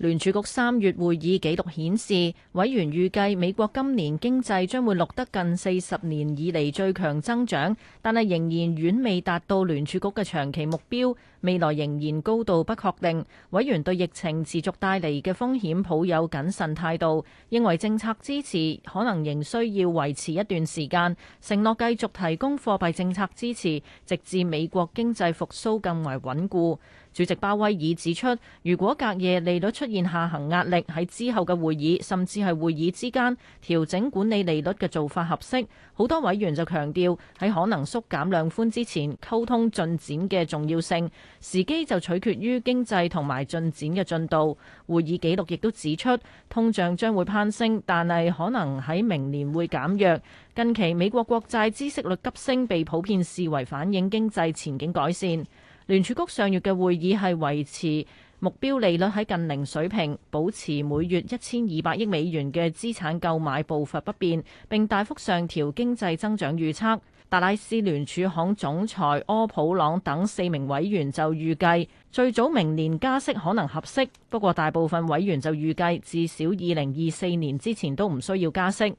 聯儲局三月會議紀錄顯示，委員預計美國今年經濟將會錄得近四十年以來最強增長，但係仍然遠未達到聯儲局嘅長期目標，未來仍然高度不確定。委員對疫情持續帶嚟嘅風險抱有謹慎態度，認為政策支持可能仍需要維持一段時間，承諾繼續提供貨幣政策支持，直至美國經濟復甦更為穩固。主席鮑威爾指出，如果隔夜利率出現下行壓力，喺之後嘅會議甚至係會議之間調整管理利率嘅做法合適，好多委員就強調喺可能縮減量寬之前，溝通進展嘅重要性，時機就取決於經濟同埋進展嘅進度。會議記錄亦都指出，通脹將會攀升，但係可能喺明年會減弱。近期美國國債孳息率急升，被普遍視為反映經濟前景改善。聯儲局上月嘅會議係維持目標利率喺近零水平，保持每月一千二百億美元嘅資產購買步伐不變，並大幅上調經濟增長預測。達拉斯聯儲行總裁柯普朗等四名委員就預計最早明年加息可能合適，不過大部分委員就預計至少二零二四年之前都唔需要加息。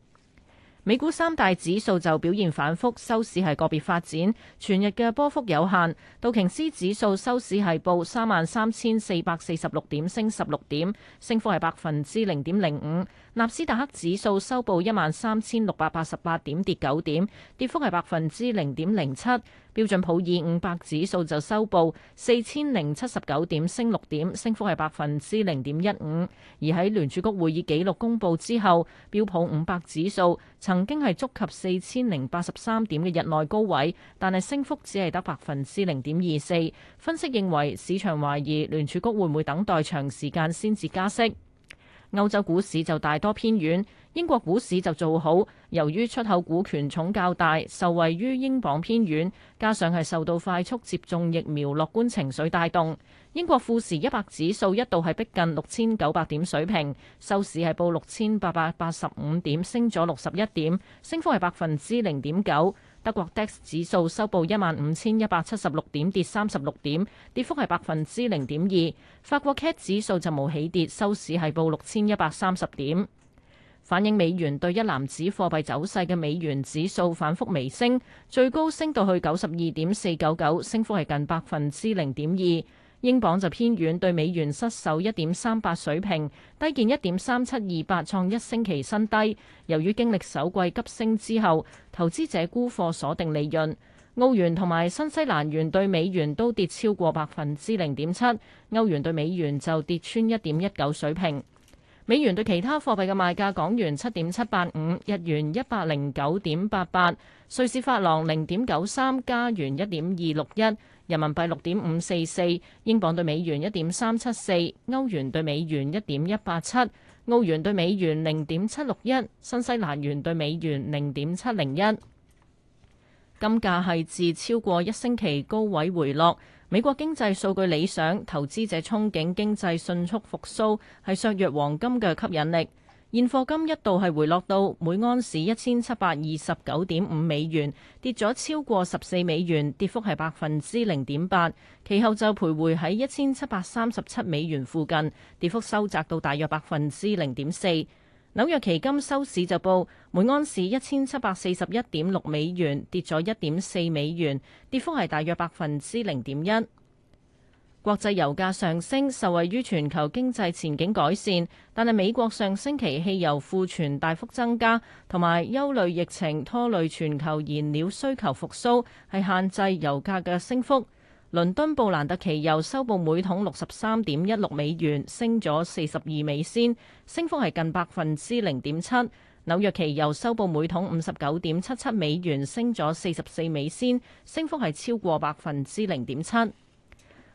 美股三大指數就表現反覆，收市係個別發展，全日嘅波幅有限。道瓊斯指數收市係報三萬三千四百四十六點，升十六點，升幅係百分之零點零五。納斯達克指數收報一萬三千六百八十八點，跌九點，跌幅係百分之零點零七。標準普爾五百指數就收報四千零七十九點，升六點，升幅係百分之零點一五。而喺聯儲局會議紀錄公佈之後，標普五百指數曾經係觸及四千零八十三點嘅日內高位，但係升幅只係得百分之零點二四。分析認為，市場懷疑聯儲局會唔會等待長時間先至加息。歐洲股市就大多偏軟，英國股市就做好，由於出口股權重較大，受惠於英鎊偏軟，加上係受到快速接種疫苗樂觀情緒帶動，英國富時一百指數一度係逼近六千九百點水平，收市係報六千八百八十五點，升咗六十一點，升幅係百分之零點九。德國 DAX 指數收報一萬五千一百七十六點，跌三十六點，跌幅係百分之零點二。法國 CAC 指數就冇起跌，收市係報六千一百三十點。反映美元對一籃子貨幣走勢嘅美元指數反覆微升，最高升到去九十二點四九九，升幅係近百分之零點二。英鎊就偏軟，對美元失守一點三八水平，低見一點三七二八，創一星期新低。由於經歷首季急升之後，投資者沽貨鎖定利潤。澳元同埋新西蘭元對美元都跌超過百分之零點七，歐元對美元就跌穿一點一九水平。美元對其他貨幣嘅賣價：港元七點七八五，日元一百零九點八八，瑞士法郎零點九三，加元一點二六一。人民幣六點五四四，英鎊對美元一點三七四，歐元對美元一點一八七，澳元對美元零點七六一，新西蘭元對美元零點七零一。金價係至超過一星期高位回落，美國經濟數據理想，投資者憧憬經濟迅速復甦，係削弱黃金嘅吸引力。現貨金一度係回落到每盎司一千七百二十九點五美元，跌咗超過十四美元，跌幅係百分之零點八。其後就徘徊喺一千七百三十七美元附近，跌幅收窄到大約百分之零點四。紐約期金收市就報每盎司一千七百四十一點六美元，跌咗一點四美元，跌幅係大約百分之零點一。國際油價上升，受惠於全球經濟前景改善，但係美國上星期汽油庫存大幅增加，同埋憂慮疫情拖累全球燃料需求復甦，係限制油價嘅升幅。倫敦布蘭特期油收報每桶六十三點一六美元，升咗四十二美仙，升幅係近百分之零點七。紐約期油收報每桶五十九點七七美元，升咗四十四美仙，升幅係超過百分之零點七。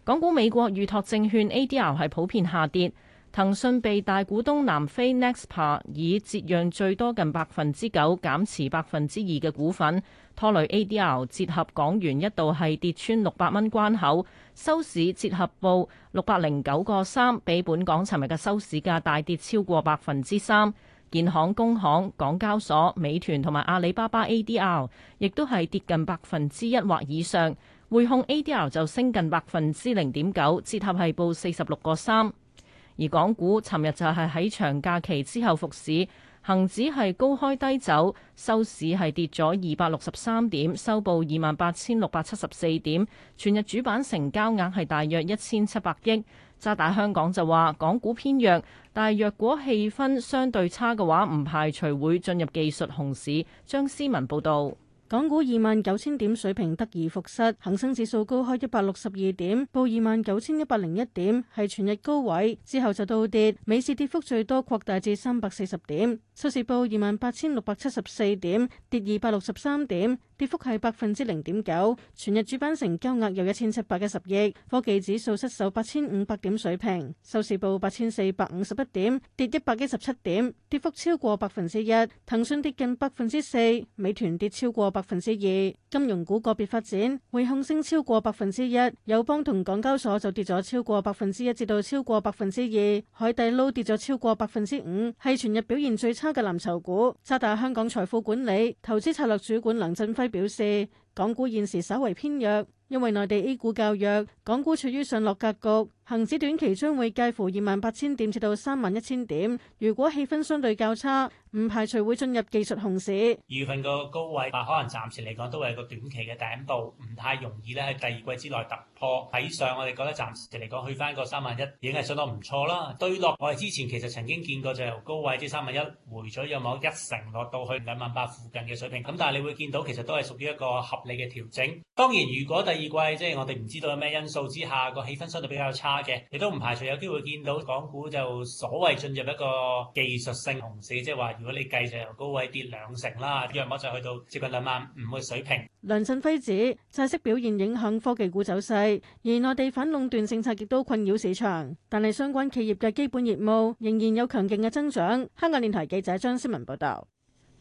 港股、美國預託證券 ADR 係普遍下跌，騰訊被大股東南非 Naspers 以折讓最多近百分之九減持百分之二嘅股份，拖累 ADR 折合港元一度係跌穿六百蚊關口，收市折合報六百零九個三，比本港尋日嘅收市價大跌超過百分之三。建行、工行、港交所、美團同埋阿里巴巴 ADR 亦都係跌近百分之一或以上。匯控 ADR 就升近百分之零點九，折合係報四十六個三。而港股尋日就係喺長假期之後復市，恒指係高開低走，收市係跌咗二百六十三點，收報二萬八千六百七十四點。全日主板成交額係大約一千七百億。渣打香港就話，港股偏弱，但係若果氣氛相對差嘅話，唔排除會進入技術熊市。張思文報導。港股二萬九千點水平得而復失，恆生指數高開一百六十二點，報二萬九千一百零一點，係全日高位，之後就倒跌，尾市跌幅最多擴大至三百四十點。收市報二萬八千六百七十四點，跌二百六十三點，跌幅係百分之零點九。全日主板成交額有一千七百一十億。科技指數失守八千五百點水平，收市報八千四百五十一點，跌一百一十七點，跌幅超過百分之一。騰訊跌近百分之四，美團跌超過百分之二。金融股個別發展，匯控升超過百分之一，友邦同港交所就跌咗超過百分之一至到超過百分之二。海底撈跌咗超過百分之五，係全日表現最差。嘅藍籌股，渣打香港財富管理投資策略主管梁振輝表示，港股現時稍為偏弱。因為內地 A 股較弱，港股處於上落格局，恒指短期將會介乎二萬八千點至到三萬一千點。如果氣氛相對較差，唔排除會進入技術熊市。二月份個高位啊，可能暫時嚟講都係個短期嘅頂部，唔太容易咧喺第二季之內突破睇上。我哋覺得暫時嚟講去翻個三萬一，已經係相當唔錯啦。對落我哋之前其實曾經見過就由高位至三萬一回咗有某一成落到去兩萬八附近嘅水平。咁但係你會見到其實都係屬於一個合理嘅調整。當然如果第第二季即係我哋唔知道有咩因素之下個氣氛相對比較差嘅，亦都唔排除有機會見到港股就所謂進入一個技術性熊市，即係話如果你計就由高位跌兩成啦，約莫就去到接近兩萬五嘅水平。梁振輝指債息表現影響科技股走勢，而內地反壟斷政策亦都困擾市場，但係相關企業嘅基本業務仍然有強勁嘅增長。香港電台記者張思文報道。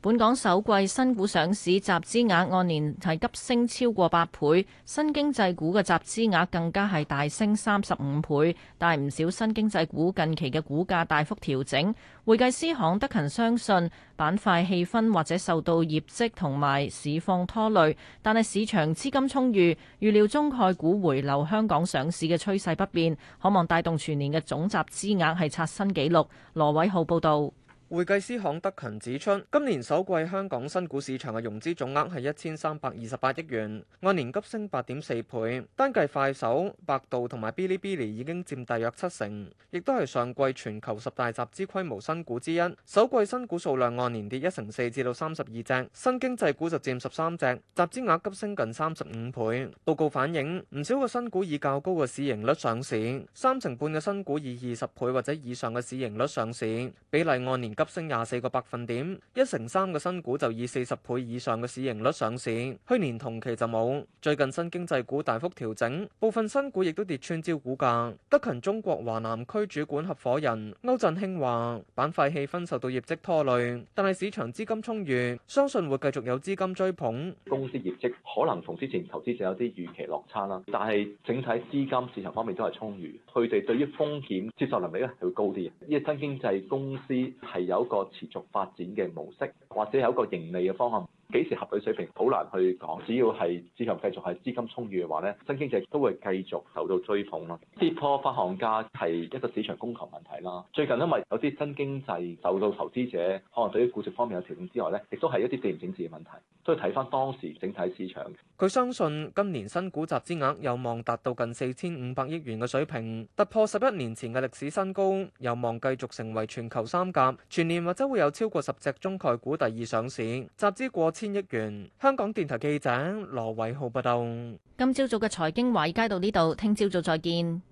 本港首季新股上市集資額按年係急升超過八倍，新經濟股嘅集資額更加係大升三十五倍。但係唔少新經濟股近期嘅股價大幅調整。會計師行德勤相信，板塊氣氛或者受到業績同埋市況拖累，但係市場資金充裕，預料中概股回流香港上市嘅趨勢不變，可望帶動全年嘅總集資額係刷新紀錄，羅偉浩報道。會計師行德勤指出，今年首季香港新股市場嘅融資總額係一千三百二十八億元，按年急升八點四倍。單計快手、百度同埋 Bilibili 已經佔大約七成，亦都係上季全球十大集資規模新股之一。首季新股數量按年跌一成四至到三十二隻，新經濟股就佔十三隻，集資額急升近三十五倍。報告反映，唔少嘅新股以較高嘅市盈率上市，三成半嘅新股以二十倍或者以上嘅市盈率上市，比例按年急。急升廿四個百分點，一成三嘅新股就以四十倍以上嘅市盈率上市，去年同期就冇。最近新經濟股大幅調整，部分新股亦都跌穿招股價。德勤中國華南區主管合伙人歐振興話：板塊氣氛受到業績拖累，但係市場資金充裕，相信會繼續有資金追捧。公司業績可能同之前投資者有啲預期落差啦，但係整體資金市場方面都係充裕，佢哋對於風險接受能力咧係會高啲嘅。呢啲新經濟公司係有一個持續發展嘅模式，或者有一個盈利嘅方向。幾時合理水平好難去講，只要係市場繼續係資金充裕嘅話咧，新經濟都會繼續受到追捧咯。跌破發行價係一個市場供求問題啦。最近因為有啲新經濟受到投資者可能對於估值方面嘅調整之外咧，亦都係一啲地緣政治嘅問題，所以睇翻當時整體市場。佢相信今年新股集資額有望達到近四千五百億元嘅水平，突破十一年前嘅歷史新高，有望繼續成為全球三甲。全年或者會有超過十隻中概股第二上市，集資過千千億元。香港電台記者羅偉浩報道。今朝早嘅財經華爾街到呢度，聽朝早再見。